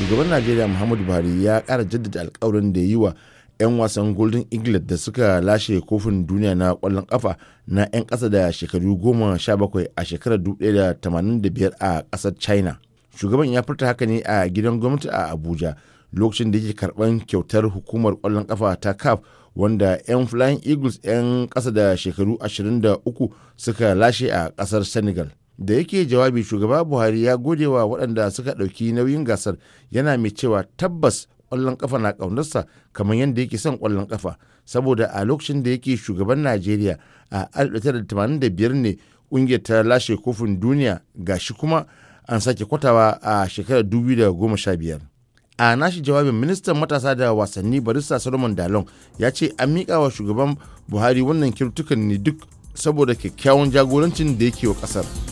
shugaban najeriya muhammadu buhari ya kara jaddada alkawarin da ya yi wa 'yan wasan golden england da suka lashe kofin duniya na kwallon kafa na 'yan kasa da shekaru goma sha bakwai a shekarar 1985 a kasar china shugaban ya furta haka ne a gidan gwamnati a abuja lokacin da yake karban kyautar hukumar kwallon kafa ta caf wanda 'yan flying eagles 'yan kasa da shekaru 23 suka lashe a kasar senegal da yake jawabi shugaba buhari ya gode wa waɗanda suka ɗauki nauyin gasar yana mai cewa tabbas ƙwallon kafa na ƙaunarsa kamar yadda yake son ƙwallon kafa saboda a lokacin da yake shugaban najeriya a 1985 ne ƙungiyar ta lashe kofin duniya gashi kuma an sake kwatawa a shekarar 2015 a nashi jawabin ministan matasa da wasanni barista solomon dalon ya ce an miƙa wa shugaban buhari wannan kirtukan ne duk saboda kyakkyawan jagorancin da yake wa ƙasar.